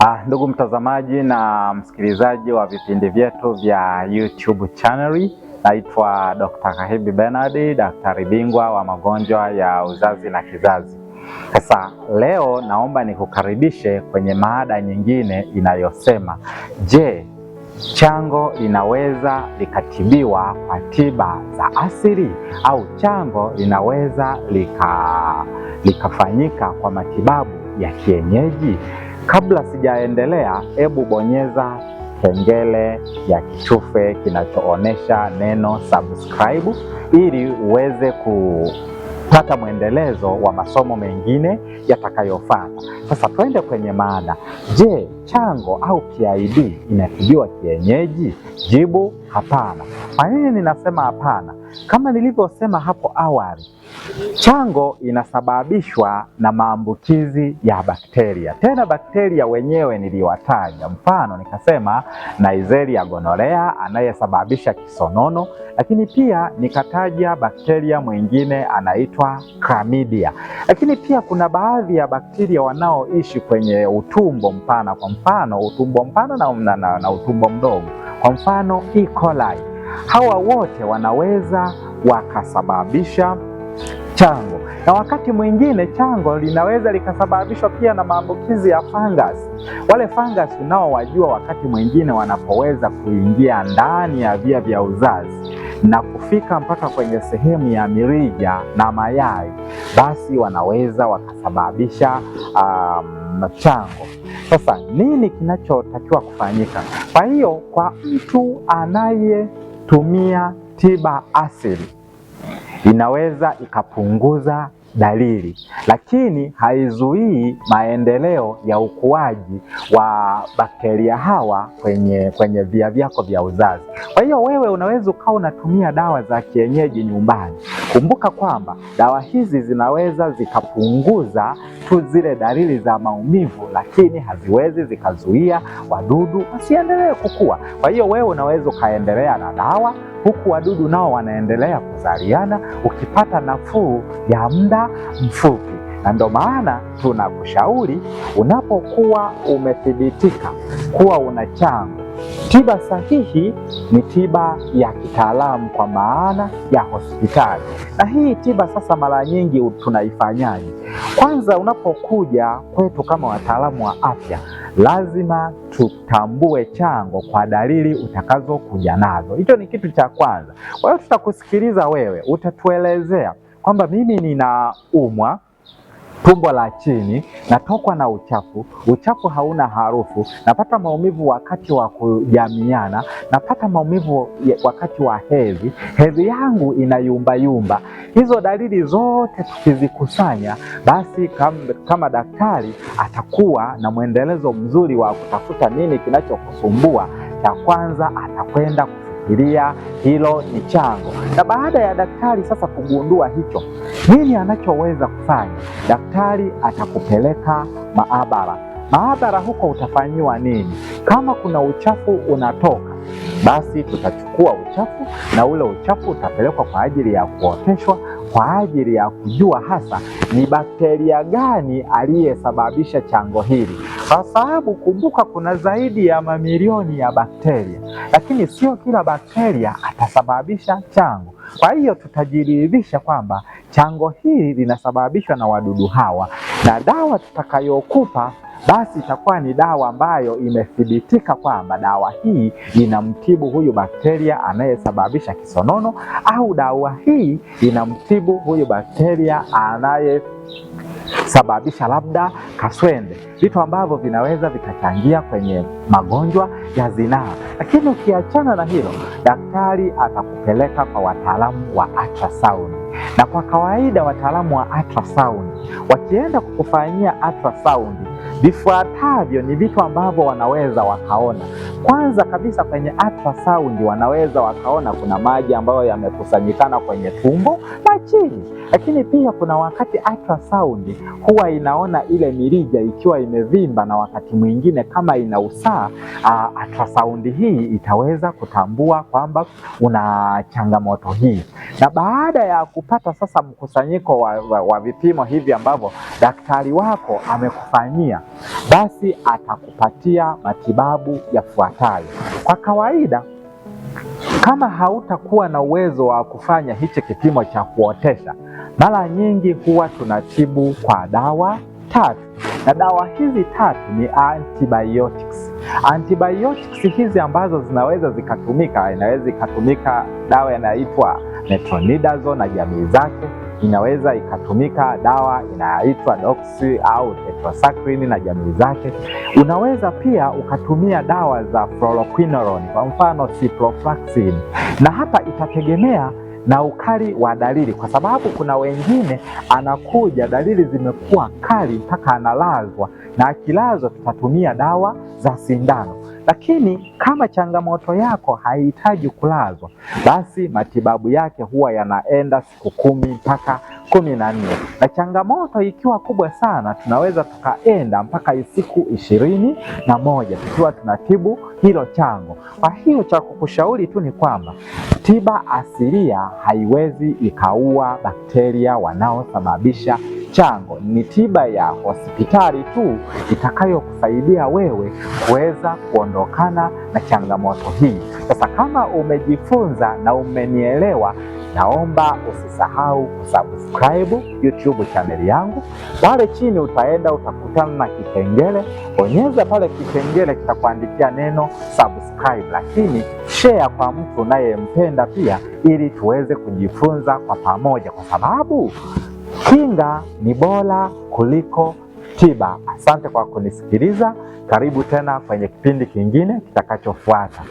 Ah, ndugu mtazamaji na msikilizaji wa vipindi vyetu vya YouTube channel, naitwa Dr. Kahibi Bernard, daktari bingwa wa magonjwa ya uzazi na kizazi. Sasa leo naomba nikukaribishe kwenye maada nyingine inayosema, je, chango linaweza likatibiwa kwa tiba za asili au chango linaweza lika likafanyika kwa matibabu ya kienyeji? Kabla sijaendelea, hebu bonyeza kengele ya kitufe kinachoonyesha neno subscribe ili uweze kupata mwendelezo wa masomo mengine yatakayofuata. Sasa twende kwenye mada. Je, chango au PID inatibiwa kienyeji? Jibu, hapana. Kwa nini ninasema hapana? Kama nilivyosema hapo awali, chango inasababishwa na maambukizi ya bakteria. Tena bakteria wenyewe niliwataja, mfano nikasema Neisseria gonorrhea anayesababisha kisonono, lakini pia nikataja bakteria mwingine anaitwa chlamydia. Lakini pia kuna baadhi ya bakteria wanaoishi kwenye utumbo mpana, kwa mfano utumbo mpana na, na, na, na utumbo mdogo, kwa mfano E. coli Hawa wote wanaweza wakasababisha chango, na wakati mwingine chango linaweza likasababishwa pia na maambukizi ya fangasi Wale fungus unaowajua, wakati mwingine wanapoweza kuingia ndani ya via vya uzazi na kufika mpaka kwenye sehemu ya mirija na mayai, basi wanaweza wakasababisha um, chango. Sasa nini kinachotakiwa kufanyika? Kwa hiyo kwa mtu anaye tumia tiba asili, inaweza ikapunguza dalili lakini haizuii maendeleo ya ukuaji wa bakteria hawa kwenye kwenye via vyako vya uzazi. Kwa hiyo wewe unaweza ukawa unatumia dawa za kienyeji nyumbani Kumbuka kwamba dawa hizi zinaweza zikapunguza tu zile dalili za maumivu, lakini haziwezi zikazuia wadudu wasiendelee kukua. Kwa hiyo wewe unaweza ukaendelea na dawa huku wadudu nao wanaendelea kuzaliana, ukipata nafuu ya muda mfupi na ndio maana tunakushauri unapokuwa umethibitika kuwa una chango Tiba sahihi ni tiba ya kitaalamu kwa maana ya hospitali. Na hii tiba sasa, mara nyingi tunaifanyaje? Kwanza, unapokuja kwetu kama wataalamu wa afya, lazima tutambue chango kwa dalili utakazokuja nazo. Hicho ni kitu cha kwanza. Kwa hiyo tutakusikiliza wewe, utatuelezea kwamba mimi ninaumwa tumbo la chini, natokwa na uchafu, uchafu hauna harufu, napata maumivu wakati wa kujamiana, napata maumivu wakati wa hedhi, hedhi yangu inayumbayumba. Hizo dalili zote tukizikusanya, basi kam, kama daktari atakuwa na mwendelezo mzuri wa kutafuta nini kinachokusumbua. Cha kwanza atakwenda kufikiria hilo ni chango. Na baada ya daktari sasa kugundua hicho, nini anachoweza kufanya? Daktari atakupeleka maabara. Maabara huko utafanyiwa nini? Kama kuna uchafu unatoka basi tutachukua uchafu na ule uchafu utapelekwa kwa ajili ya kuoteshwa kwa ajili ya kujua hasa ni bakteria gani aliyesababisha chango hili, kwa sababu kumbuka, kuna zaidi ya mamilioni ya bakteria, lakini sio kila bakteria atasababisha chango. Kwa hiyo tutajiridhisha kwamba chango hili linasababishwa na wadudu hawa, na dawa tutakayokupa basi itakuwa ni dawa ambayo imethibitika kwamba dawa hii inamtibu huyu bakteria anayesababisha kisonono, au dawa hii inamtibu huyu bakteria anaye sababisha labda kaswende, vitu ambavyo vinaweza vikachangia kwenye magonjwa ya zinaa. Lakini ukiachana na hilo, daktari atakupeleka kwa wataalamu wa ultrasound, na kwa kawaida wataalamu wa ultrasound wakienda kukufanyia ultrasound Vifuatavyo ni vitu ambavyo wanaweza wakaona. Kwanza kabisa kwenye ultrasound wanaweza wakaona kuna maji ambayo yamekusanyikana kwenye tumbo na chini, lakini pia kuna wakati ultrasound huwa inaona ile mirija ikiwa imevimba, na wakati mwingine kama ina usaa, ultrasound hii itaweza kutambua kwamba una changamoto hii. Na baada ya kupata sasa mkusanyiko wa, wa, wa vipimo hivi ambavyo daktari wako amekufanyia kuumia, basi atakupatia matibabu yafuatayo. Kwa kawaida, kama hautakuwa na uwezo wa kufanya hichi kipimo cha kuotesha, mara nyingi huwa tunatibu kwa dawa tatu, na dawa hizi tatu ni antibiotics. Antibiotics hizi ambazo zinaweza zikatumika, inaweza ikatumika dawa inaitwa metronidazole na jamii zake inaweza ikatumika dawa inayoitwa doxy au tetracycline na jamii zake. Unaweza pia ukatumia dawa za fluoroquinolone, kwa mfano ciprofloxacin, na hapa itategemea na ukali wa dalili, kwa sababu kuna wengine anakuja dalili zimekuwa kali mpaka analazwa, na akilazwa tutatumia dawa za sindano. Lakini kama changamoto yako haihitaji kulazwa, basi matibabu yake huwa yanaenda siku kumi mpaka kumi na nne na changamoto ikiwa kubwa sana tunaweza tukaenda mpaka siku ishirini na moja tukiwa tunatibu hilo chango. Kwa hiyo cha kukushauri tu ni kwamba tiba asilia haiwezi ikaua bakteria wanaosababisha chango. Ni tiba ya hospitali tu itakayokusaidia wewe kuweza kuondokana na changamoto hii. Sasa kama umejifunza na umenielewa naomba usisahau kusubscribe YouTube chaneli yangu. Pale chini utaenda utakutana na kipengele, bonyeza pale kipengele, kitakuandikia neno subscribe, lakini share kwa mtu unayempenda pia, ili tuweze kujifunza kwa pamoja, kwa sababu kinga ni bora kuliko tiba. Asante kwa kunisikiliza. Karibu tena kwenye kipindi kingine kitakachofuata.